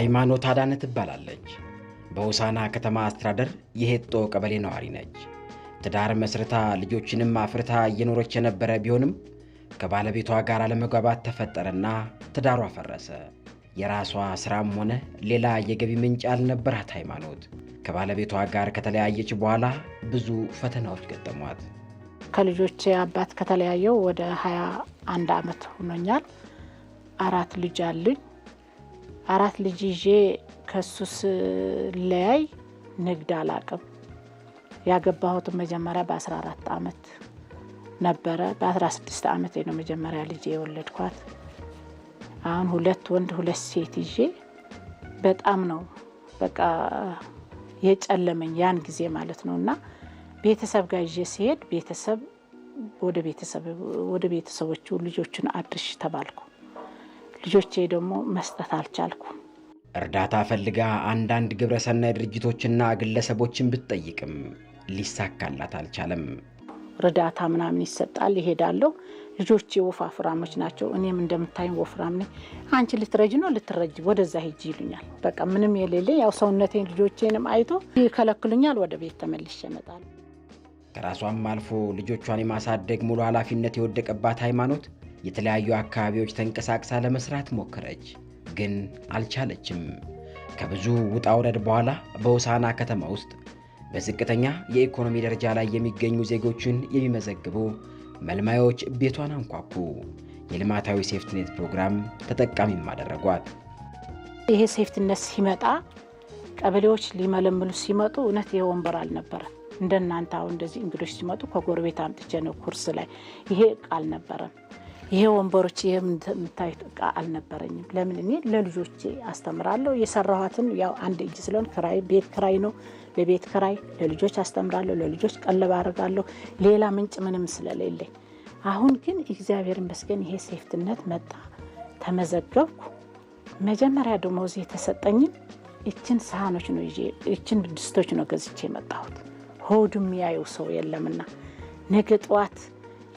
ሃይማኖት አዳነ ትባላለች። በሆሳና ከተማ አስተዳደር የሄጦ ቀበሌ ነዋሪ ነች። ትዳር መስርታ ልጆችንም አፍርታ እየኖረች የነበረ ቢሆንም ከባለቤቷ ጋር አለመግባባት ተፈጠረና ትዳሯ ፈረሰ። የራሷ ስራም ሆነ ሌላ የገቢ ምንጭ አልነበራት። ሃይማኖት ከባለቤቷ ጋር ከተለያየች በኋላ ብዙ ፈተናዎች ገጠሟት። ከልጆቼ አባት ከተለያየው ወደ 21 ዓመት ሆኖኛል። አራት ልጅ አለኝ። አራት ልጅ ይዤ ከሱ ስለያይ ንግድ አላቅም። ያገባሁትን መጀመሪያ በ14 ዓመት ነበረ። በ16 ዓመት ነው መጀመሪያ ልጅ የወለድኳት። አሁን ሁለት ወንድ ሁለት ሴት ይዤ በጣም ነው በቃ የጨለመኝ ያን ጊዜ ማለት ነው። እና ቤተሰብ ጋር ይዤ ሲሄድ ቤተሰብ ወደ ቤተሰቦቹ ልጆቹን አድርሽ ተባልኩ። ልጆቼ ደግሞ መስጠት አልቻልኩ እርዳታ ፈልጋ አንዳንድ ግብረሰናይ ድርጅቶችና ግለሰቦችን ብትጠይቅም ሊሳካላት አልቻለም። እርዳታ ምናምን ይሰጣል፣ ይሄዳለሁ። ልጆቼ ወፋፍራሞች ናቸው። እኔም እንደምታይም ወፍራም ነኝ። አንቺ ልትረጅ ነው ልትረጅ ወደዛ ሂጂ ይሉኛል። በቃ ምንም የሌለ ያው ሰውነቴን ልጆቼንም አይቶ ይከለክሉኛል። ወደ ቤት ተመልሼ እመጣለሁ። ከራሷም አልፎ ልጆቿን የማሳደግ ሙሉ ኃላፊነት የወደቀባት ሃይማኖት የተለያዩ አካባቢዎች ተንቀሳቅሳ ለመስራት ሞከረች፣ ግን አልቻለችም። ከብዙ ውጣ ውረድ በኋላ በውሳና ከተማ ውስጥ በዝቅተኛ የኢኮኖሚ ደረጃ ላይ የሚገኙ ዜጎችን የሚመዘግቡ መልማዮች ቤቷን አንኳኩ። የልማታዊ ሴፍትኔት ፕሮግራም ተጠቃሚም አደረጓት። ይሄ ሴፍትነት ሲመጣ ቀበሌዎች ሊመለምሉ ሲመጡ እውነት ይሄ ወንበር አልነበረም። እንደናንተ አሁን እንደዚህ እንግዶች ሲመጡ ከጎረቤት አምጥቼ ነው ኩርስ ላይ ይሄ ቃል ነበረም። ይሄ ወንበሮች ይሄ የምታዩት እቃ አልነበረኝም። ለምን እኔ ለልጆቼ አስተምራለሁ። የሰራኋትን ያው አንድ እጅ ስለሆን ክራይ ቤት ክራይ ነው። ለቤት ክራይ ለልጆች አስተምራለሁ፣ ለልጆች ቀለብ አድርጋለሁ። ሌላ ምንጭ ምንም ስለሌለኝ አሁን ግን እግዚአብሔር ይመስገን ይሄ ሴፍትነት መጣ፣ ተመዘገብኩ። መጀመሪያ ደግሞ ደሞዝ የተሰጠኝን ይችን ሳህኖች ነው ይዤ ይችን ድስቶች ነው ገዝቼ የመጣሁት። ሆዱ የሚያየው ሰው የለምና ነገ ጠዋት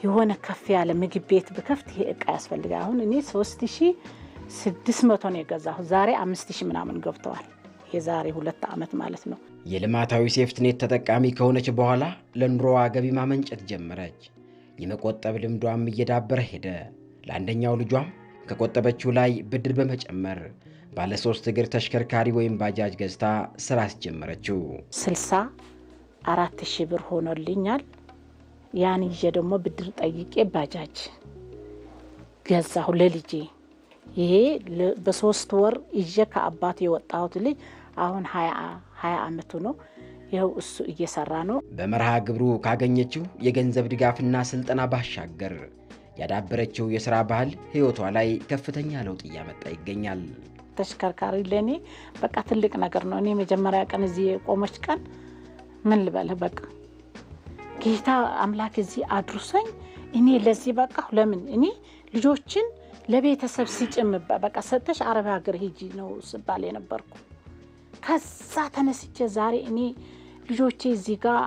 የሆነ ከፍ ያለ ምግብ ቤት ብከፍት ይሄ እቃ ያስፈልጋል። አሁን እኔ 3600 ነው የገዛሁ ዛሬ 5000 ምናምን ገብተዋል። የዛሬ ሁለት ዓመት ማለት ነው። የልማታዊ ሴፍትኔት ተጠቃሚ ከሆነች በኋላ ለኑሮዋ ገቢ ማመንጨት ጀመረች። የመቆጠብ ልምዷም እየዳበረ ሄደ። ለአንደኛው ልጇም ከቆጠበችው ላይ ብድር በመጨመር ባለ ሶስት እግር ተሽከርካሪ ወይም ባጃጅ ገዝታ ስራ አስጀመረችው። አራት ሺህ ብር ሆኖልኛል። ያን ይዤ ደግሞ ብድር ጠይቄ ባጃጅ ገዛሁ ለልጄ። ይሄ በሶስት ወር ይዤ ከአባት የወጣሁት ልጅ አሁን ሀያ አመቱ ነው። ይኸው እሱ እየሰራ ነው። በመርሃ ግብሩ ካገኘችው የገንዘብ ድጋፍና ስልጠና ባሻገር ያዳበረችው የስራ ባህል ህይወቷ ላይ ከፍተኛ ለውጥ እያመጣ ይገኛል። ተሽከርካሪ ለእኔ በቃ ትልቅ ነገር ነው። እኔ መጀመሪያ ቀን እዚህ የቆመች ቀን ምን ልበልህ በቃ ጌታ አምላክ እዚህ አድሩሰኝ እኔ ለዚህ በቃሁ። ለምን እኔ ልጆችን ለቤተሰብ ሲጭም በቃ ሰጠሽ አረብ ሀገር ሂጂ ነው ስባል የነበርኩ። ከዛ ተነስቼ ዛሬ እኔ ልጆቼ እዚህ ጋር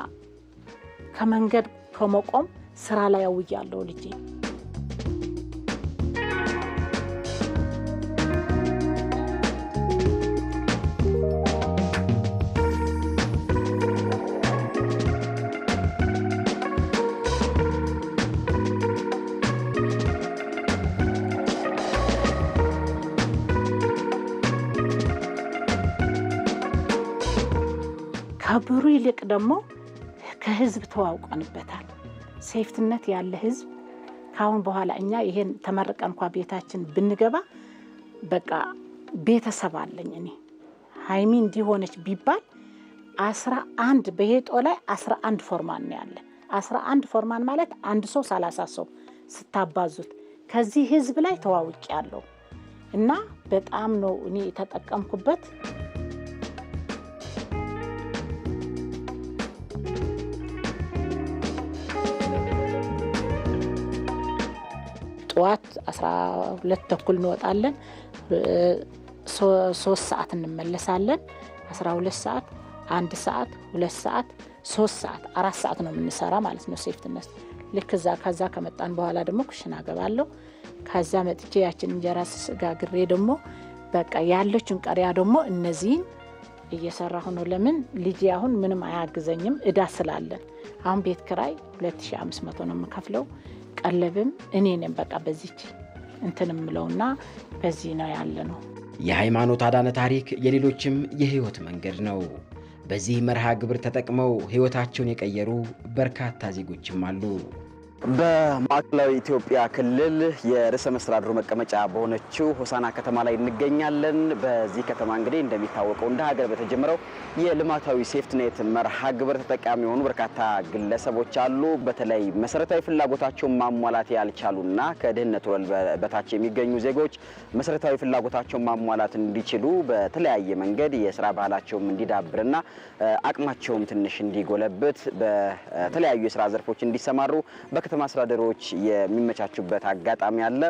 ከመንገድ ከመቆም ስራ ላይ አውያለሁ ልጄ ከብሩ ይልቅ ደግሞ ከህዝብ ተዋውቀንበታል። ሴፍትነት ያለ ህዝብ ከአሁን በኋላ እኛ ይሄን ተመርቀን እንኳ ቤታችን ብንገባ በቃ ቤተሰብ አለኝ እኔ ሀይሚ እንዲሆነች ቢባል አስራ አንድ በሄጦ ላይ አስራ አንድ ፎርማን ነው ያለ። አስራ አንድ ፎርማን ማለት አንድ ሰው ሰላሳ ሰው ስታባዙት ከዚህ ህዝብ ላይ ተዋውቅ ያለው እና በጣም ነው እኔ የተጠቀምኩበት። ጠዋት 12 ተኩል እንወጣለን፣ ሶስት ሰዓት እንመለሳለን። 12 ሰዓት፣ አንድ ሰዓት፣ ሁለት ሰዓት፣ ሶስት ሰዓት፣ አራት ሰዓት ነው የምንሰራ ማለት ነው ሴፍትነት። ልክ እዛ ከዛ ከመጣን በኋላ ደግሞ ኩሽና ገባለሁ። ከዛ መጥቼ ያችን እንጀራ ስጋግሬ ደግሞ በቃ ያለችን ቀሪያ ደግሞ እነዚህን እየሰራሁ ነው። ለምን ልጄ አሁን ምንም አያግዘኝም፣ እዳ ስላለን። አሁን ቤት ክራይ 2500 ነው የምከፍለው። ቀለብም እኔንም በቃ በዚች እንትን ምለውና በዚህ ነው ያለ ነው። የሃይማኖት አዳነ ታሪክ የሌሎችም የህይወት መንገድ ነው። በዚህ መርሃ ግብር ተጠቅመው ህይወታቸውን የቀየሩ በርካታ ዜጎችም አሉ። በማዕከላዊ ኢትዮጵያ ክልል የርዕሰ መስተዳድሩ መቀመጫ በሆነችው ሆሳና ከተማ ላይ እንገኛለን። በዚህ ከተማ እንግዲህ እንደሚታወቀው እንደ ሀገር በተጀመረው የልማታዊ ሴፍትኔት መርሃ ግብር ተጠቃሚ የሆኑ በርካታ ግለሰቦች አሉ። በተለይ መሰረታዊ ፍላጎታቸውን ማሟላት ያልቻሉና ከድህነት ወለል በታች የሚገኙ ዜጎች መሰረታዊ ፍላጎታቸውን ማሟላት እንዲችሉ በተለያየ መንገድ የስራ ባህላቸውም እንዲዳብርና አቅማቸውም ትንሽ እንዲጎለብት በተለያዩ የስራ ዘርፎች እንዲሰማሩ የከተማ አስተዳደሮች የሚመቻቹበት አጋጣሚ አለ።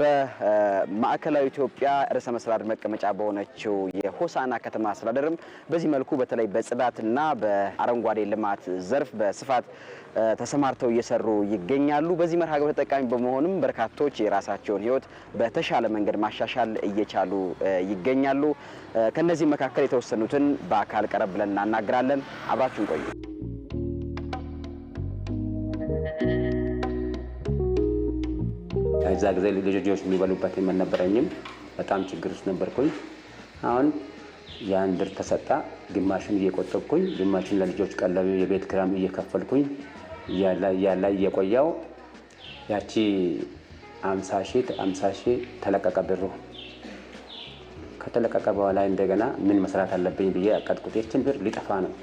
በማዕከላዊ ኢትዮጵያ ርዕሰ መስተዳድር መቀመጫ በሆነችው የሆሳና ከተማ አስተዳደርም በዚህ መልኩ በተለይ በጽዳትና በአረንጓዴ ልማት ዘርፍ በስፋት ተሰማርተው እየሰሩ ይገኛሉ። በዚህ መርሃ ግብር ተጠቃሚ በመሆንም በርካቶች የራሳቸውን ሕይወት በተሻለ መንገድ ማሻሻል እየቻሉ ይገኛሉ። ከነዚህ መካከል የተወሰኑትን በአካል ቀረብ ብለን እናናግራለን። አብራችሁን ቆዩ። ከዛ ጊዜ ልጆች የሚበሉበት አልነበረኝም። በጣም ችግር ውስጥ ነበርኩኝ። አሁን ያን ድር ተሰጣ፣ ግማሽን እየቆጠብኩኝ፣ ግማሽን ለልጆች ቀለብ የቤት ክራም እየከፈልኩኝ እያላ እየቆያው ያቺ አምሳ ሺህ አምሳ ሺህ ተለቀቀ ብሩ። ከተለቀቀ በኋላ እንደገና ምን መስራት አለብኝ ብዬ አቀድኩት። ይችን ብር ሊጠፋ ነው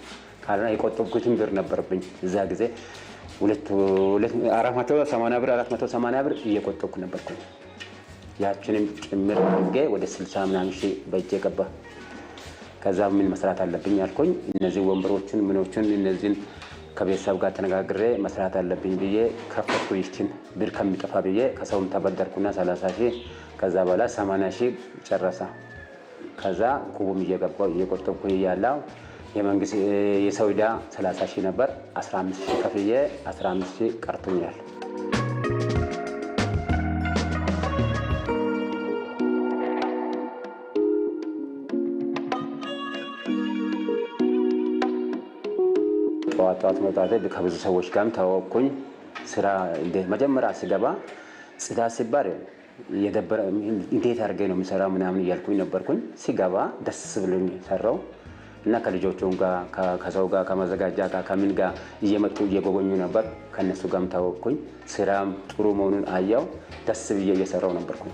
ካልና የቆጠብኩትን ብር ነበርብኝ እዛ ጊዜ 480 ብር 480 ብር ነበርኩ። ያችንም ጭምር አድርጌ ወደ 60 ምናምን ሺህ በእጄ ገባ። ከዛ ምን መስራት አለብኝ አልኩኝ። እነዚህ ወንበሮችን ምኖችን እነዚህን ከቤተሰብ ጋር ተነጋግሬ መስራት አለብኝ ብዬ ከፈትኩ። ይችን ብር ከሚጠፋ ብዬ ከሰውም ተበደርኩና 30 ሺህ ከዛ በኋላ 80 ሺህ ጨረሰ። ከዛ ኩቡም እየገባው እየቆጠብኩ እያለው የመንግስት የሰው ዕዳ 30 ሺህ ነበር። 15 ሺህ ከፍዬ 15 ሺህ ቀርቶኛል። ጠዋት ጠዋት መውጣቴ ከብዙ ሰዎች ጋርም ተዋወቅኩኝ። ስራ መጀመሪያ ስገባ ጽዳት ሲባል እንዴት አድርገ ነው የሚሰራው ምናምን እያልኩኝ ነበርኩኝ። ሲገባ ደስ ብሎኝ ሰራው። እና ከልጆቹም ጋር ከሰው ጋር ከመዘጋጃ ጋር ከምን ጋር እየመጡ እየጎበኙ ነበር። ከነሱ ጋርም ታወቅኩኝ። ስራም ጥሩ መሆኑን አያው ደስ ብዬ እየሰራው ነበርኩ።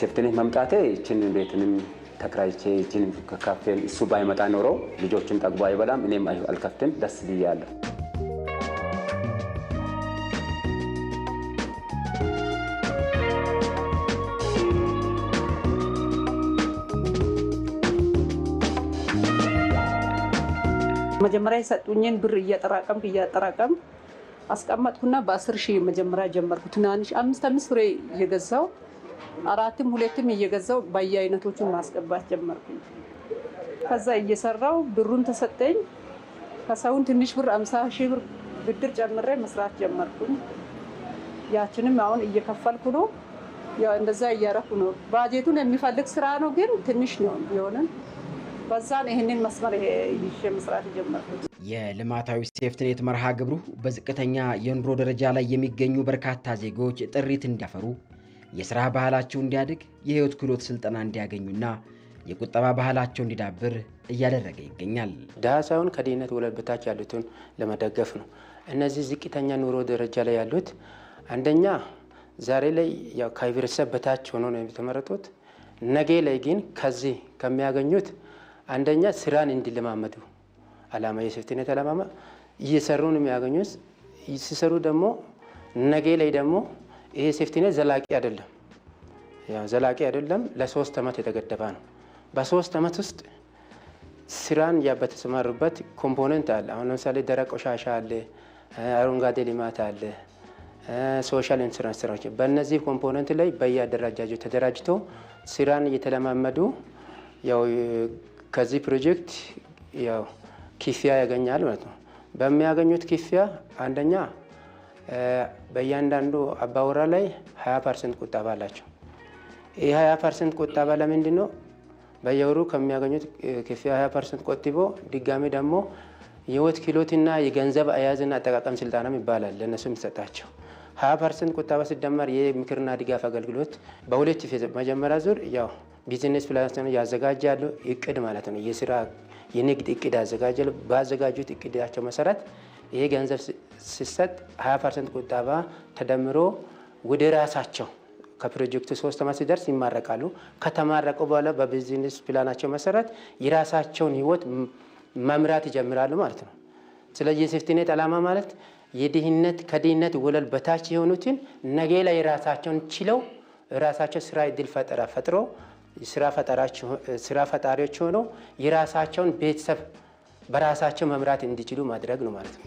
ሴፍትኔት መምጣቴ ይችን ቤትንም ተከራይቼ ይችን ካፌን እሱ ባይመጣ ኖረው ልጆችን ጠግቦ አይበላም፣ እኔም አልከፍትም። ደስ ብዬ አለሁ። መጀመሪያ የሰጡኝን ብር እያጠራቀም እያጠራቀም አስቀመጥኩና በአስር ሺህ መጀመሪያ ጀመርኩ። ትናንሽ አምስት አምስት ፍሬ እየገዛው አራትም ሁለትም እየገዛው በየአይነቶቹ ማስገባት ጀመርኩ። ከዛ እየሰራው ብሩን ተሰጠኝ። ከሰውን ትንሽ ብር አምሳ ሺህ ብር ብድር ጨምሬ መስራት ጀመርኩኝ። ያችንም አሁን እየከፈልኩ ነው። ያው እንደዛ እያረኩ ነው። ባጀቱን የሚፈልግ ስራ ነው፣ ግን ትንሽ ነው ቢሆንም በዛን ይህንን መስመር ይዤ መስራት ጀመርኩት። የልማታዊ ሴፍትኔት መርሃ ግብሩ በዝቅተኛ የኑሮ ደረጃ ላይ የሚገኙ በርካታ ዜጎች ጥሪት እንዲያፈሩ፣ የስራ ባህላቸው እንዲያድግ፣ የህይወት ክህሎት ስልጠና እንዲያገኙና የቁጠባ ባህላቸው እንዲዳብር እያደረገ ይገኛል። ድሃ ሳይሆን ከድህነት ወለል በታች ያሉትን ለመደገፍ ነው። እነዚህ ዝቅተኛ ኑሮ ደረጃ ላይ ያሉት አንደኛ ዛሬ ላይ ከህብረተሰብ በታች ሆኖ ነው የተመረጡት። ነገ ላይ ግን ከዚህ ከሚያገኙት አንደኛ ስራን እንዲለማመዱ አላማ የሴፍቲኔት አላማ እየሰሩን የሚያገኙት ሲሰሩ ደግሞ ነገ ላይ ደግሞ ይሄ ሴፍቲኔት ዘላቂ አይደለም። ያው ዘላቂ አይደለም፣ ለሶስት ዓመት የተገደበ ነው። በሶስት ዓመት ውስጥ ስራን ያ በተሰማሩበት ኮምፖነንት አለ። አሁን ለምሳሌ ደረቅ ቆሻሻ አለ፣ አረንጓዴ ልማት አለ፣ ሶሻል ኢንሹራንስ ስራዎች። በእነዚህ ኮምፖነንት ላይ በየአደረጃጀው ተደራጅቶ ስራን እየተለማመዱ ያው ከዚህ ፕሮጀክት ያው ኪስያ ያገኛል ማለት ነው። በሚያገኙት ኪስያ አንደኛ በእያንዳንዱ አባወራ ላይ 20 ፐርሰንት ቁጠባ አላቸው። ይህ 20 ፐርሰንት ቁጠባ ለምንድን ነው? በየወሩ ከሚያገኙት ኪስያ 20 ፐርሰንት ቆጥቦ ድጋሚ ደግሞ የህይወት ክህሎትና የገንዘብ አያያዝና አጠቃቀም ስልጠናም ይባላል ለእነሱ የሚሰጣቸው ሀያ ፐርሰንት ቁጠባ ሲደመር የምክርና ድጋፍ አገልግሎት በሁለት ፌዝ መጀመሪያ ዙር ያው ቢዝነስ ፕላን ያዘጋጃሉ። እቅድ ማለት ነው። የስራ የንግድ እቅድ ያዘጋጃሉ። ባዘጋጁት እቅዳቸው መሰረት ይሄ ገንዘብ ሲሰጥ 20 ፐርሰንት ቁጠባ ተደምሮ ወደ ራሳቸው ከፕሮጀክቱ ሶስት ዓመት ሲደርስ ይማረቃሉ። ከተማረቁ በኋላ በቢዝነስ ፕላናቸው መሰረት የራሳቸውን ህይወት መምራት ይጀምራሉ ማለት ነው። ስለዚህ የሴፍቲኔት ዓላማ ማለት የድህነት ከድህነት ወለል በታች የሆኑትን ነገ ላይ ራሳቸውን ችለው ራሳቸው ስራ እድል ፈጠራ ፈጥሮ ስራ ፈጣሪዎች ሆነው የራሳቸውን ቤተሰብ በራሳቸው መምራት እንዲችሉ ማድረግ ነው ማለት ነው።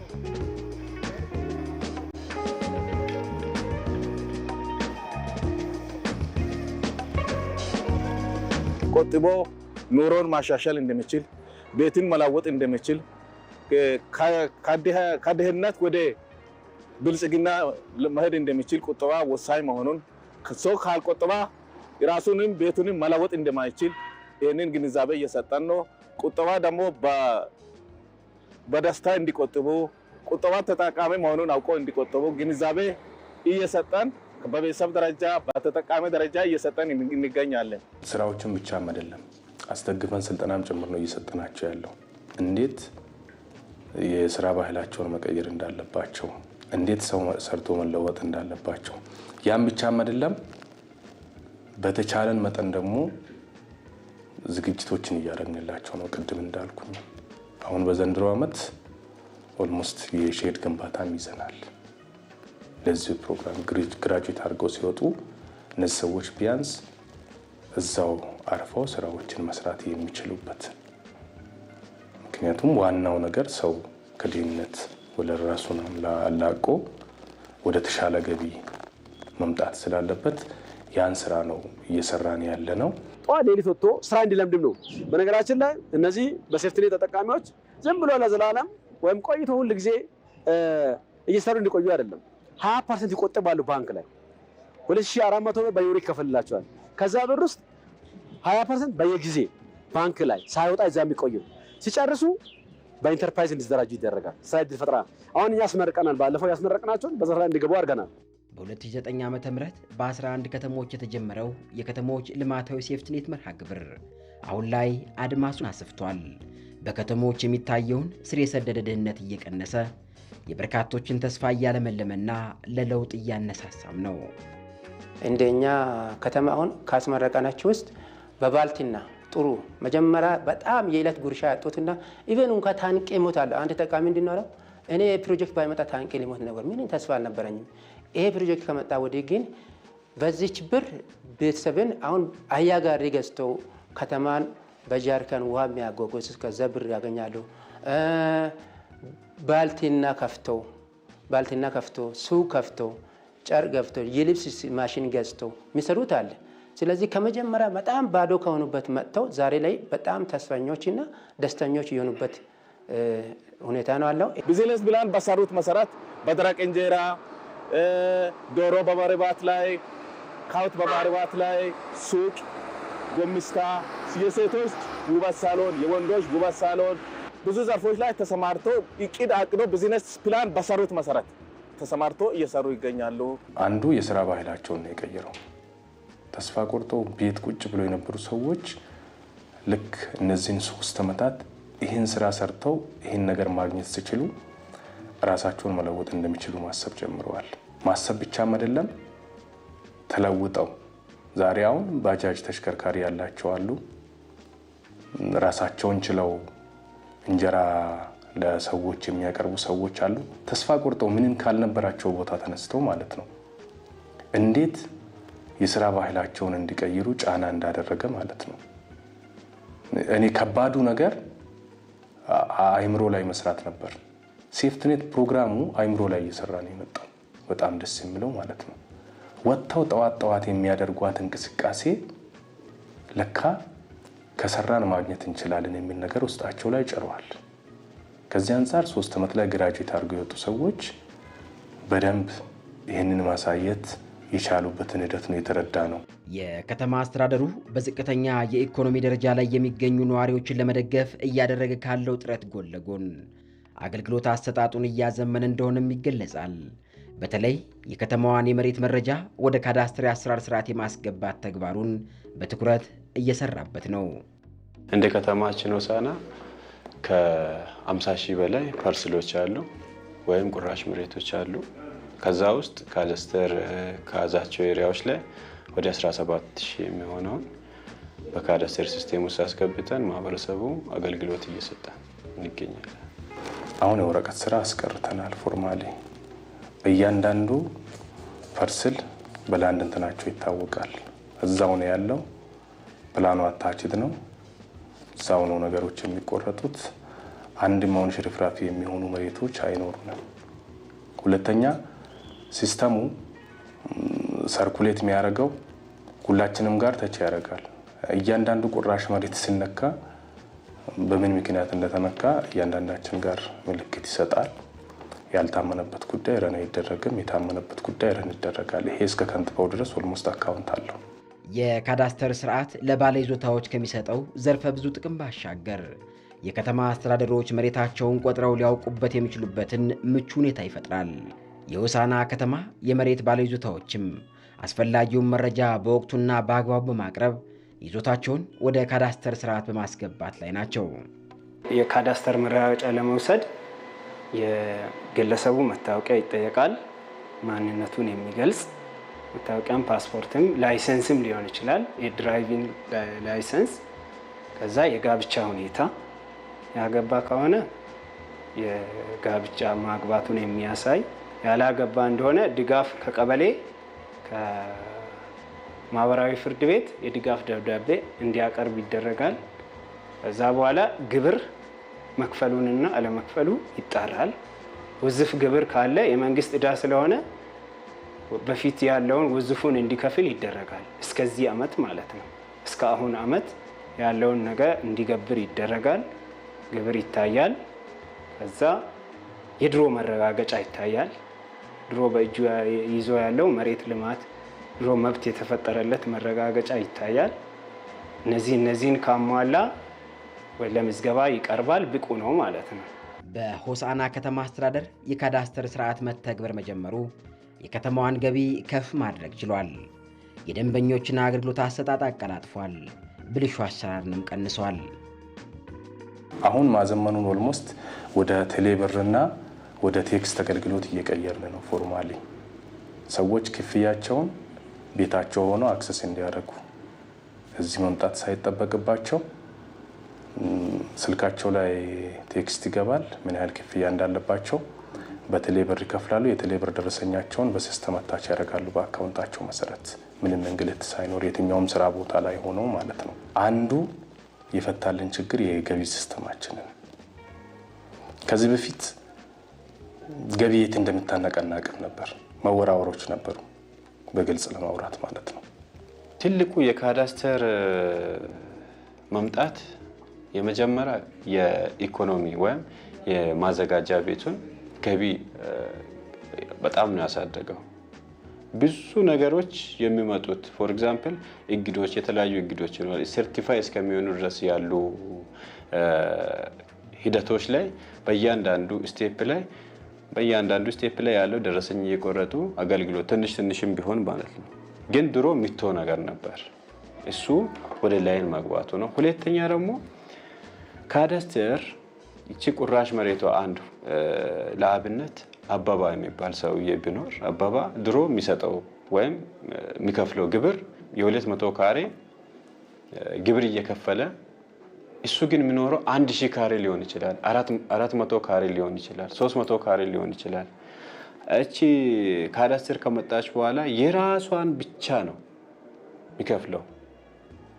ቆጥቦ ኑሮን ማሻሻል እንደሚችል፣ ቤትን መላወጥ እንደሚችል፣ ከድህነት ወደ ብልጽግና መሄድ እንደሚችል ቁጠባ ወሳኝ መሆኑን ሰው ካልቆጠባ ራሱንም ቤቱንም መለወጥ እንደማይችል ይህንን ግንዛቤ እየሰጠን ነው። ቁጠባ ደግሞ በደስታ እንዲቆጥቡ ቁጠባ ተጠቃሚ መሆኑን አውቆ እንዲቆጥቡ ግንዛቤ እየሰጠን በቤተሰብ ደረጃ በተጠቃሚ ደረጃ እየሰጠን እንገኛለን። ስራዎችን ብቻም አይደለም አስደግፈን ስልጠናም ጭምር ነው እየሰጠናቸው ያለው። እንዴት የስራ ባህላቸውን መቀየር እንዳለባቸው፣ እንዴት ሰው ሰርቶ መለወጥ እንዳለባቸው፣ ያም ብቻም አይደለም በተቻለን መጠን ደግሞ ዝግጅቶችን እያደረግንላቸው ነው። ቅድም እንዳልኩኝ አሁን በዘንድሮ ዓመት ኦልሞስት የሼድ ግንባታም ይዘናል። ለዚህ ፕሮግራም ግራጁዌት አድርገው ሲወጡ እነዚህ ሰዎች ቢያንስ እዛው አርፈው ስራዎችን መስራት የሚችሉበት ምክንያቱም ዋናው ነገር ሰው ከድህነት ወደ ራሱን አላቆ ወደ ተሻለ ገቢ መምጣት ስላለበት ያን ስራ ነው እየሰራን ያለ ነው። ጠዋት ሌሊት ወጥቶ ስራ እንዲለምድም ነው። በነገራችን ላይ እነዚህ በሴፍትኔት ተጠቃሚዎች ዝም ብሎ ለዘላለም ወይም ቆይቶ ሁል ጊዜ እየሰሩ እንዲቆዩ አይደለም። ሀያ ፐርሰንት ይቆጥባሉ ባንክ ላይ ሁለት ሺህ አራት መቶ ብር በየወሩ ይከፈልላቸዋል። ከዛ ብር ውስጥ ሀያ ፐርሰንት በየጊዜ ባንክ ላይ ሳይወጣ እዛ የሚቆዩ ሲጨርሱ በኢንተርፕራይዝ እንዲዘራጁ ይደረጋል። ስራ እድል ፈጠራ አሁን እያስመርቀናል። ባለፈው ያስመረቅናቸውን ላይ እንዲገቡ አድርገናል። በ2009 ዓ ም በ11 ከተሞች የተጀመረው የከተሞች ልማታዊ ሴፍትኔት መርሃ ግብር አሁን ላይ አድማሱን አስፍቷል። በከተሞች የሚታየውን ስር የሰደደ ድህነት እየቀነሰ የበርካቶችን ተስፋ እያለመለመና ለለውጥ እያነሳሳም ነው። እንደኛ ከተማ አሁን ካስመረቀናችሁ ውስጥ በባልቲና ጥሩ መጀመሪያ በጣም የዕለት ጉርሻ ያጡትና ኢቨን እንኳ ታንቄ አለ አንድ ተቃሚ እንዲኖረው እኔ ፕሮጀክት ባይመጣ ታንቄ ሊሞት ነበር። ምን ተስፋ አልነበረኝም። ይሄ ፕሮጀክት ከመጣ ወዲህ ግን በዚች ብር ቤተሰብን አሁን አያ ጋሪ ገዝተው ከተማን በጃርከን ውሃ የሚያጓጓዝ ከዛ ብር ያገኛሉ። ባልቲና ከፍተው ባልቲና ከፍቶ ሱቅ ከፍቶ ጨርቅ ገፍቶ የልብስ ማሽን ገዝቶ የሚሰሩት አለ። ስለዚህ ከመጀመሪያ በጣም ባዶ ከሆኑበት መጥተው ዛሬ ላይ በጣም እና ደስተኞች የሆኑበት ሁኔታ ነው አለው። ቢዝነስ ብላን በሰሩት መሰረት በደረቅ እንጀራ ዶሮ በማርባት ላይ፣ ካውት በማርባት ላይ፣ ሱቅ፣ ጎሚስታ፣ የሴቶች ውበት ሳሎን፣ የወንዶች ውበት ሳሎን ብዙ ዘርፎች ላይ ተሰማርቶ እቅድ አቅዶ ቢዝነስ ፕላን በሰሩት መሰረት ተሰማርቶ እየሰሩ ይገኛሉ። አንዱ የስራ ባህላቸውን ነው የቀየረው። ተስፋ ቆርጦ ቤት ቁጭ ብሎ የነበሩ ሰዎች ልክ እነዚህን ሶስት ዓመታት ይህን ስራ ሰርተው ይህን ነገር ማግኘት ሲችሉ ራሳቸውን መለወጥ እንደሚችሉ ማሰብ ጀምረዋል። ማሰብ ብቻም አይደለም ተለውጠው ዛሬ አሁን ባጃጅ ተሽከርካሪ ያላቸው አሉ። ራሳቸውን ችለው እንጀራ ለሰዎች የሚያቀርቡ ሰዎች አሉ። ተስፋ ቆርጠው ምንም ካልነበራቸው ቦታ ተነስተው ማለት ነው እንዴት የስራ ባህላቸውን እንዲቀይሩ ጫና እንዳደረገ ማለት ነው። እኔ ከባዱ ነገር አእምሮ ላይ መስራት ነበር። ሴፍትኔት ፕሮግራሙ አይምሮ ላይ እየሰራ ነው የመጣው። በጣም ደስ የሚለው ማለት ነው ወጥተው ጠዋት ጠዋት የሚያደርጓት እንቅስቃሴ ለካ ከሰራን ማግኘት እንችላለን የሚል ነገር ውስጣቸው ላይ ጭረዋል። ከዚህ አንጻር ሶስት ዓመት ላይ ግራጁዌት አድርገው የወጡ ሰዎች በደንብ ይህንን ማሳየት የቻሉበትን ሂደት ነው የተረዳ ነው። የከተማ አስተዳደሩ በዝቅተኛ የኢኮኖሚ ደረጃ ላይ የሚገኙ ነዋሪዎችን ለመደገፍ እያደረገ ካለው ጥረት ጎን ለጎን አገልግሎት አሰጣጡን እያዘመነ እንደሆነም ይገለጻል። በተለይ የከተማዋን የመሬት መረጃ ወደ ካዳስትሪ አሰራር ስርዓት የማስገባት ተግባሩን በትኩረት እየሰራበት ነው። እንደ ከተማችን ሆሳዕና ከ50 ሺህ በላይ ፓርስሎች አሉ ወይም ቁራሽ መሬቶች አሉ። ከዛ ውስጥ ካዳስተር ከያዛቸው ኤሪያዎች ላይ ወደ 17 ሺህ የሚሆነውን በካዳስተር ሲስቴም ውስጥ አስገብተን ማህበረሰቡ አገልግሎት እየሰጠ እንገኛለን። አሁን የወረቀት ስራ አስቀርተናል። ፎርማሊ እያንዳንዱ ፈርስል በላንድ እንትናቸው ይታወቃል። እዛው ነው ያለው። ፕላኑ አታችት ነው። እዛው ነው ነገሮች የሚቆረጡት። አንድ ማውን ሽርፍራፊ የሚሆኑ መሬቶች አይኖሩንም። ሁለተኛ ሲስተሙ ሰርኩሌት የሚያደርገው ሁላችንም ጋር ተች ያደርጋል። እያንዳንዱ ቁራሽ መሬት ሲነካ በምን ምክንያት እንደተነካ እያንዳንዳችን ጋር ምልክት ይሰጣል። ያልታመነበት ጉዳይ ረን አይደረግም፣ የታመነበት ጉዳይ ረን ይደረጋል። ይሄ እስከ ከንቲባው ድረስ ኦልሞስት አካውንት አለው። የካዳስተር ስርዓት ለባለ ይዞታዎች ከሚሰጠው ዘርፈ ብዙ ጥቅም ባሻገር የከተማ አስተዳደሮች መሬታቸውን ቆጥረው ሊያውቁበት የሚችሉበትን ምቹ ሁኔታ ይፈጥራል። የሆሳና ከተማ የመሬት ባለይዞታዎችም አስፈላጊውን መረጃ በወቅቱና በአግባቡ በማቅረብ ይዞታቸውን ወደ ካዳስተር ስርዓት በማስገባት ላይ ናቸው። የካዳስተር መረጋገጫ ለመውሰድ የግለሰቡ መታወቂያ ይጠየቃል። ማንነቱን የሚገልጽ መታወቂያም፣ ፓስፖርትም፣ ላይሰንስም ሊሆን ይችላል። የድራይቪንግ ላይሰንስ፣ ከዛ የጋብቻ ሁኔታ ያገባ ከሆነ የጋብቻ ማግባቱን የሚያሳይ ያላገባ እንደሆነ ድጋፍ ከቀበሌ ማህበራዊ ፍርድ ቤት የድጋፍ ደብዳቤ እንዲያቀርብ ይደረጋል። ከዛ በኋላ ግብር መክፈሉንና አለመክፈሉ ይጣራል። ውዝፍ ግብር ካለ የመንግስት እዳ ስለሆነ በፊት ያለውን ውዝፉን እንዲከፍል ይደረጋል። እስከዚህ አመት ማለት ነው። እስከ አሁን አመት ያለውን ነገር እንዲገብር ይደረጋል። ግብር ይታያል። ከዛ የድሮ መረጋገጫ ይታያል። ድሮ በእጁ ይዞ ያለው መሬት ልማት መብት የተፈጠረለት መረጋገጫ ይታያል። እነዚህ እነዚህን ካሟላ ለምዝገባ ይቀርባል፣ ብቁ ነው ማለት ነው። በሆሳና ከተማ አስተዳደር የካዳስተር ስርዓት መተግበር መጀመሩ የከተማዋን ገቢ ከፍ ማድረግ ችሏል። የደንበኞችን አገልግሎት አሰጣጥ አቀላጥፏል፣ ብልሹ አሰራርንም ቀንሷል። አሁን ማዘመኑን ኦልሞስት ወደ ቴሌብርና ወደ ቴክስት አገልግሎት እየቀየርን ነው። ፎርማሊ ሰዎች ክፍያቸውን ቤታቸው ሆነው አክሰስ እንዲያደርጉ እዚህ መምጣት ሳይጠበቅባቸው ስልካቸው ላይ ቴክስት ይገባል፣ ምን ያህል ክፍያ እንዳለባቸው በቴሌ ብር ይከፍላሉ። የቴሌ ብር ደረሰኛቸውን በሲስተም አታች ያደርጋሉ። በአካውንታቸው መሰረት ምንም እንግልት ሳይኖር የትኛውም ስራ ቦታ ላይ ሆኖ ማለት ነው። አንዱ የፈታልን ችግር የገቢ ሲስተማችንን ከዚህ በፊት ገቢ የት እንደምታነቀናቅም ነበር፣ መወራወሮች ነበሩ። በግልጽ ለማውራት ማለት ነው። ትልቁ የካዳስተር መምጣት የመጀመሪያ የኢኮኖሚ ወይም የማዘጋጃ ቤቱን ገቢ በጣም ነው ያሳደገው። ብዙ ነገሮች የሚመጡት ፎር ኤግዛምፕል እግዶች፣ የተለያዩ እግዶች ሰርቲፋይ እስከሚሆኑ ድረስ ያሉ ሂደቶች ላይ በእያንዳንዱ ስቴፕ ላይ በእያንዳንዱ ስቴፕ ላይ ያለው ደረሰኝ እየቆረጡ አገልግሎት ትንሽ ትንሽም ቢሆን ማለት ነው። ግን ድሮ የሚተው ነገር ነበር። እሱ ወደ ላይን መግባቱ ነው። ሁለተኛ ደግሞ ካዳስተር ይቺ ቁራሽ መሬቷ አንዱ ለአብነት አባባ የሚባል ሰውዬ ቢኖር አባባ ድሮ የሚሰጠው ወይም የሚከፍለው ግብር የሁለት መቶ ካሬ ግብር እየከፈለ እሱ ግን የሚኖረው አንድ ሺህ ካሬ ሊሆን ይችላል፣ አራት መቶ ካሬ ሊሆን ይችላል፣ ሶስት መቶ ካሬ ሊሆን ይችላል። እቺ ካዳስተር ከመጣች በኋላ የራሷን ብቻ ነው የሚከፍለው።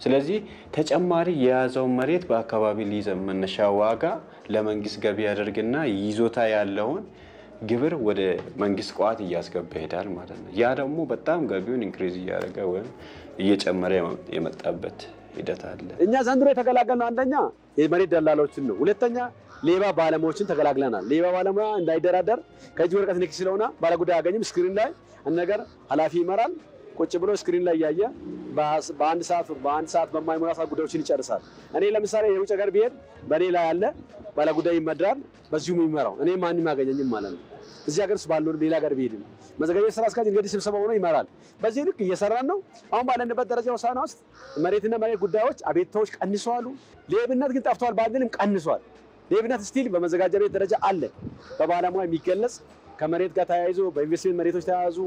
ስለዚህ ተጨማሪ የያዘውን መሬት በአካባቢ ሊይዘ መነሻ ዋጋ ለመንግስት ገቢ ያደርግና ይዞታ ያለውን ግብር ወደ መንግስት ቋት እያስገባ ይሄዳል ማለት ነው። ያ ደግሞ በጣም ገቢውን ኢንክሪዝ እያደረገ ወይም እየጨመረ የመጣበት ሂደት አለ። እኛ ዘንድሮ የተገላገልነው አንደኛ የመሬት ደላሎችን ነው። ሁለተኛ ሌባ ባለሙያዎችን ተገላግለናል። ሌባ ባለሙያ እንዳይደራደር ከእጅ ወረቀት ንክ ስለሆነ ባለጉዳይ አገኝም ስክሪን ላይ ነገር ኃላፊ ይመራል። ቁጭ ብሎ ስክሪን ላይ እያየ በአንድ ሰዓት በአንድ ሰዓት በማይሞላ ሰዓት ጉዳዮችን ይጨርሳል። እኔ ለምሳሌ የውጭ ሀገር ብሄድ በእኔ ላይ ያለ ባለጉዳይ ይመድራል። በዚሁም ይመራው እኔ ማንም ያገኘኝም ማለት ነው። እዚህ ሀገር ውስጥ ባልሆንም ሌላ ሀገር ቢሄድ ነው። መዘጋጀት ስራ አስኪያጅ እንግዲህ ስብሰባ ሆኖ ይመራል። በዚህ ልክ እየሰራን ነው። አሁን ባለንበት ደረጃ ሆሳዕና ውስጥ መሬትና መሬት ጉዳዮች አቤቱታዎች ቀንሰዋሉ። ሌብነት ግን ጠፍተዋል ባንልም ቀንሷል። ሌብነት ስቲል በመዘጋጃ ቤት ደረጃ አለ፣ በባለሙያ የሚገለጽ ከመሬት ጋር ተያይዞ በኢንቨስትመንት መሬቶች ተያያዙ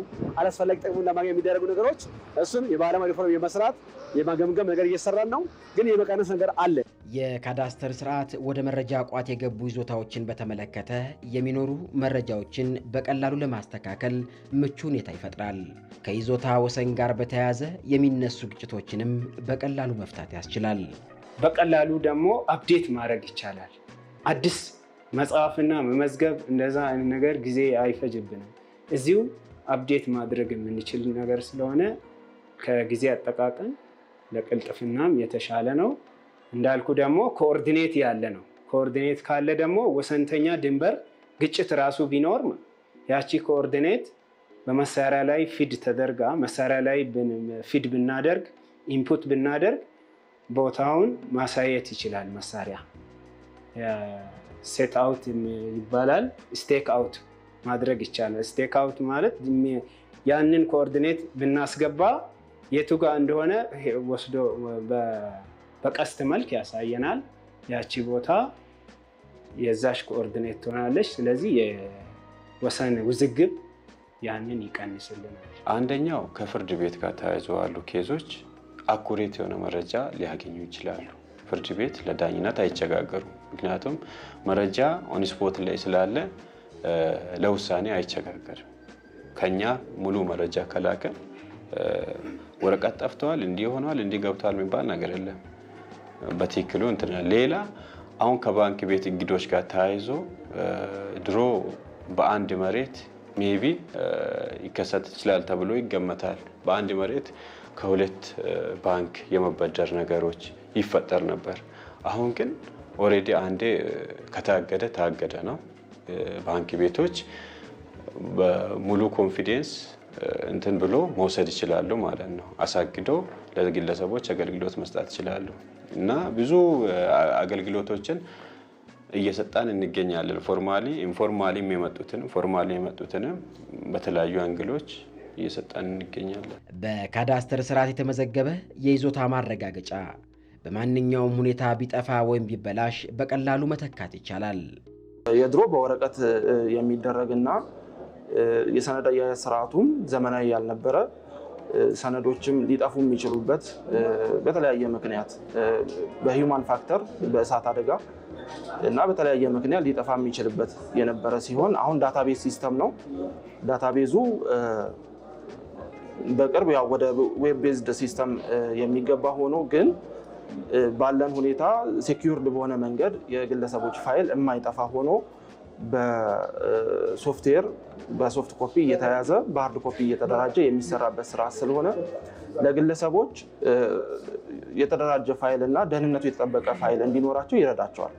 አላስፈላጊ ጥቅሙን ለማግኘት የሚደረጉ ነገሮች እሱን የባለማ ሪፎርም የመስራት የማገምገም ነገር እየሰራን ነው፣ ግን የመቀነስ ነገር አለ። የካዳስተር ስርዓት ወደ መረጃ ቋት የገቡ ይዞታዎችን በተመለከተ የሚኖሩ መረጃዎችን በቀላሉ ለማስተካከል ምቹ ሁኔታ ይፈጥራል። ከይዞታ ወሰን ጋር በተያያዘ የሚነሱ ግጭቶችንም በቀላሉ መፍታት ያስችላል። በቀላሉ ደግሞ አፕዴት ማድረግ ይቻላል አዲስ መጽሐፍና መመዝገብ እንደዛ አይነት ነገር ጊዜ አይፈጅብንም። እዚሁ አፕዴት ማድረግ የምንችል ነገር ስለሆነ ከጊዜ አጠቃቀም ለቅልጥፍናም የተሻለ ነው። እንዳልኩ ደግሞ ኮኦርዲኔት ያለ ነው። ኮኦርዲኔት ካለ ደግሞ ወሰንተኛ ድንበር ግጭት ራሱ ቢኖር ያቺ ኮኦርዲኔት በመሳሪያ ላይ ፊድ ተደርጋ መሳሪያ ላይ ፊድ ብናደርግ ኢንፑት ብናደርግ ቦታውን ማሳየት ይችላል መሳሪያ ሴት አውት ይባላል። ስቴክ አውት ማድረግ ይቻላል። ስቴክ አውት ማለት ያንን ኮኦርዲኔት ብናስገባ የቱ ጋር እንደሆነ ወስዶ በቀስት መልክ ያሳየናል። ያቺ ቦታ የዛሽ ኮኦርዲኔት ትሆናለች። ስለዚህ የወሰን ውዝግብ ያንን ይቀንስልናል። አንደኛው ከፍርድ ቤት ጋር ተያይዞ ያሉ ኬዞች አኩሬት የሆነ መረጃ ሊያገኙ ይችላሉ። ፍርድ ቤት ለዳኝነት አይቸጋገሩም። ምክንያቱም መረጃ ኦንስፖት ላይ ስላለ ለውሳኔ አይቸጋገርም። ከኛ ሙሉ መረጃ ከላከ ወረቀት ጠፍተዋል፣ እንዲህ ሆነዋል፣ እንዲህ ገብተዋል የሚባል ነገር የለም። በትክክሉ እንትን ሌላ አሁን ከባንክ ቤት እግዶች ጋር ተያይዞ ድሮ በአንድ መሬት ሜቢ ይከሰት ይችላል ተብሎ ይገመታል። በአንድ መሬት ከሁለት ባንክ የመበደር ነገሮች ይፈጠር ነበር። አሁን ግን ኦሬዲ አንዴ ከታገደ ታገደ ነው። ባንክ ቤቶች በሙሉ ኮንፊደንስ እንትን ብሎ መውሰድ ይችላሉ ማለት ነው። አሳግዶ ለግለሰቦች አገልግሎት መስጣት ይችላሉ እና ብዙ አገልግሎቶችን እየሰጣን እንገኛለን። ፎርማሊ ኢንፎርማሊም የመጡትን ፎርማሊ የመጡትንም በተለያዩ አንግሎች እየሰጣን እንገኛለን። በካዳስተር ስርዓት የተመዘገበ የይዞታ ማረጋገጫ በማንኛውም ሁኔታ ቢጠፋ ወይም ቢበላሽ በቀላሉ መተካት ይቻላል። የድሮ በወረቀት የሚደረግና የሰነድ አያያዝ ስርዓቱም ዘመናዊ ያልነበረ ሰነዶችም ሊጠፉ የሚችሉበት በተለያየ ምክንያት በሂውማን ፋክተር በእሳት አደጋ እና በተለያየ ምክንያት ሊጠፋ የሚችልበት የነበረ ሲሆን አሁን ዳታቤዝ ሲስተም ነው። ዳታቤዙ በቅርብ ያው ወደ ዌብ ቤዝድ ሲስተም የሚገባ ሆኖ ግን ባለን ሁኔታ ሴኪዩርድ በሆነ መንገድ የግለሰቦች ፋይል የማይጠፋ ሆኖ በሶፍትዌር በሶፍት ኮፒ እየተያዘ በሃርድ ኮፒ እየተደራጀ የሚሰራበት ስርዓት ስለሆነ ለግለሰቦች የተደራጀ ፋይል እና ደህንነቱ የተጠበቀ ፋይል እንዲኖራቸው ይረዳቸዋል።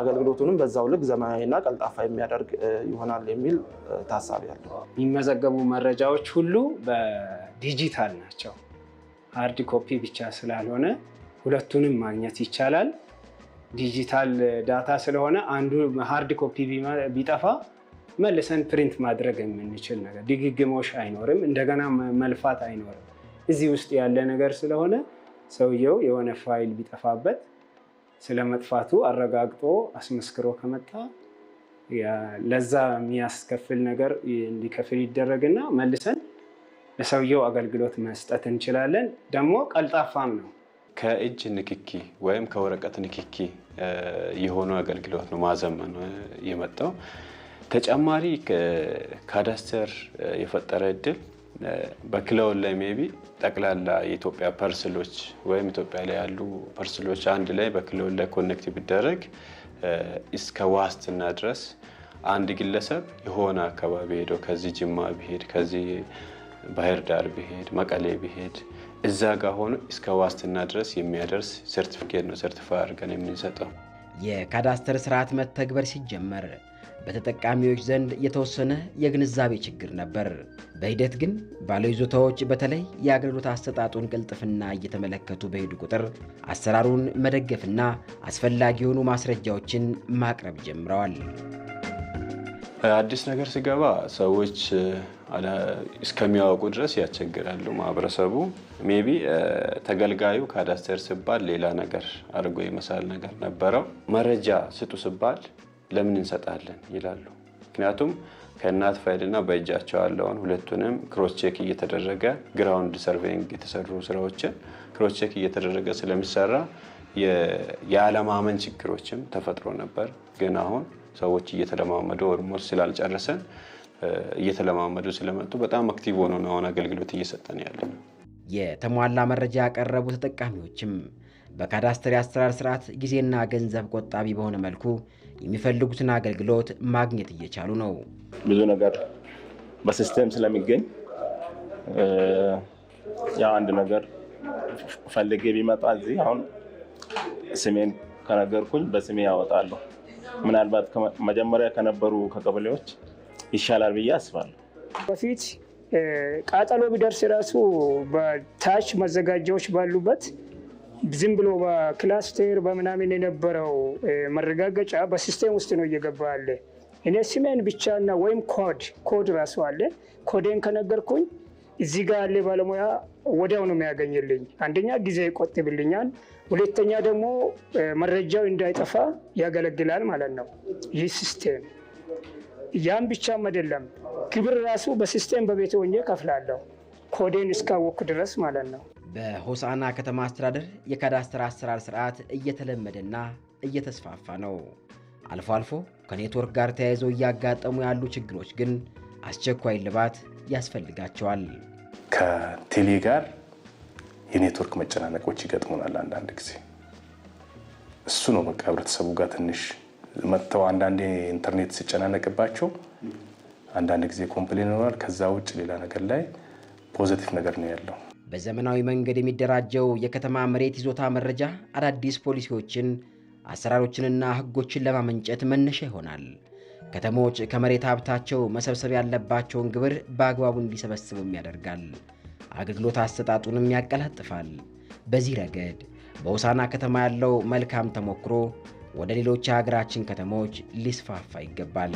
አገልግሎቱንም በዛው ልክ ዘመናዊና ቀልጣፋ የሚያደርግ ይሆናል የሚል ታሳቢ ያለው። የሚመዘገቡ መረጃዎች ሁሉ በዲጂታል ናቸው። ሃርድ ኮፒ ብቻ ስላልሆነ ሁለቱንም ማግኘት ይቻላል። ዲጂታል ዳታ ስለሆነ አንዱ ሃርድ ኮፒ ቢጠፋ መልሰን ፕሪንት ማድረግ የምንችል ነገር፣ ድግግሞሽ አይኖርም፣ እንደገና መልፋት አይኖርም። እዚህ ውስጥ ያለ ነገር ስለሆነ ሰውየው የሆነ ፋይል ቢጠፋበት ስለመጥፋቱ አረጋግጦ አስመስክሮ ከመጣ ለዛ የሚያስከፍል ነገር እንዲከፍል ይደረግና መልሰን ለሰውየው አገልግሎት መስጠት እንችላለን። ደግሞ ቀልጣፋም ነው። ከእጅ ንክኪ ወይም ከወረቀት ንክኪ የሆኑ አገልግሎት ነው ማዘመን የመጣው። ተጨማሪ ካዳስተር የፈጠረ እድል በክለውን ላይ ሜቢ ጠቅላላ የኢትዮጵያ ፐርስሎች ወይም ኢትዮጵያ ላይ ያሉ ፐርስሎች አንድ ላይ በክለውን ላይ ኮኔክት ቢደረግ እስከ ዋስትና ድረስ አንድ ግለሰብ የሆነ አካባቢ ሄዶ ከዚህ ጅማ ቢሄድ፣ ከዚህ ባህር ዳር ቢሄድ፣ መቀሌ ቢሄድ እዛ ጋር ሆኖ እስከ ዋስትና ድረስ የሚያደርስ ሰርቲፊኬት ነው ሰርቲፋይ አድርገን የምንሰጠው። የካዳስተር ስርዓት መተግበር ሲጀመር በተጠቃሚዎች ዘንድ የተወሰነ የግንዛቤ ችግር ነበር። በሂደት ግን ባለይዞታዎች በተለይ የአገልግሎት አሰጣጡን ቅልጥፍና እየተመለከቱ በሄዱ ቁጥር አሰራሩን መደገፍና አስፈላጊ የሆኑ ማስረጃዎችን ማቅረብ ጀምረዋል። አዲስ ነገር ሲገባ ሰዎች እስከሚያውቁ ድረስ ያስቸግራሉ። ማህበረሰቡ ሜቢ uh, ተገልጋዩ ካዳስተር ስባል ሌላ ነገር አድርጎ የመሳል ነገር ነበረው። መረጃ ስጡ ስባል ለምን እንሰጣለን ይላሉ። ምክንያቱም ከእናት ፋይልና በእጃቸው ያለውን ሁለቱንም ክሮስቼክ እየተደረገ ግራውንድ ሰርቬይንግ የተሰሩ ስራዎችን ክሮስቼክ እየተደረገ ስለሚሰራ የአለማመን ችግሮችም ተፈጥሮ ነበር። ግን አሁን ሰዎች እየተለማመዱ ኦልሞስት ስላልጨረሰን እየተለማመዱ ስለመጡ በጣም አክቲቭ ሆኖ ነው አሁን አገልግሎት እየሰጠን ያለ ነው። የተሟላ መረጃ ያቀረቡ ተጠቃሚዎችም በካዳስተር አሰራር ስርዓት ጊዜና ገንዘብ ቆጣቢ በሆነ መልኩ የሚፈልጉትን አገልግሎት ማግኘት እየቻሉ ነው። ብዙ ነገር በሲስተም ስለሚገኝ ያ አንድ ነገር ፈልጌ ቢመጣ እዚህ አሁን ስሜን ከነገርኩኝ በስሜ ያወጣሉ። ምናልባት መጀመሪያ ከነበሩ ከቀበሌዎች ይሻላል ብዬ አስባለሁ። በፊት ቃጠሎ ቢደርስ ራሱ በታች መዘጋጃዎች ባሉበት ዝም ብሎ በክላስተር በምናምን የነበረው መረጋገጫ በሲስቴም ውስጥ ነው እየገባ ያለ። እኔ ስሜን ብቻና ወይም ኮድ ኮድ ራሱ አለ። ኮዴን ከነገርኩኝ እዚህ ጋር ያለ ባለሙያ ወዲያው ነው የሚያገኝልኝ። አንደኛ ጊዜ ይቆጥብልኛል፣ ሁለተኛ ደግሞ መረጃው እንዳይጠፋ ያገለግላል ማለት ነው ይህ ሲስቴም። ያም ብቻም አይደለም ግብር ራሱ በሲስቴም በቤት ሆኜ ከፍላለሁ፣ ኮዴን እስካወቅኩ ድረስ ማለት ነው። በሆሳና ከተማ አስተዳደር የካዳስተር አሰራር ስርዓት እየተለመደና እየተስፋፋ ነው። አልፎ አልፎ ከኔትወርክ ጋር ተያይዘው እያጋጠሙ ያሉ ችግሮች ግን አስቸኳይ ልባት ያስፈልጋቸዋል። ከቴሌ ጋር የኔትወርክ መጨናነቆች ይገጥሙናል አንዳንድ ጊዜ። እሱ ነው በቃ ህብረተሰቡ ጋር ትንሽ መጥተው አንዳንዴ ኢንተርኔት ሲጨናነቅባቸው አንዳንድ ጊዜ ኮምፕሌን ይኖራል። ከዛ ውጭ ሌላ ነገር ላይ ፖዘቲቭ ነገር ነው ያለው። በዘመናዊ መንገድ የሚደራጀው የከተማ መሬት ይዞታ መረጃ አዳዲስ ፖሊሲዎችን፣ አሰራሮችንና ሕጎችን ለማመንጨት መነሻ ይሆናል። ከተሞች ከመሬት ሀብታቸው መሰብሰብ ያለባቸውን ግብር በአግባቡ እንዲሰበስቡም ያደርጋል። አገልግሎት አሰጣጡንም ያቀላጥፋል። በዚህ ረገድ በውሳና ከተማ ያለው መልካም ተሞክሮ ወደ ሌሎች የሀገራችን ከተሞች ሊስፋፋ ይገባል።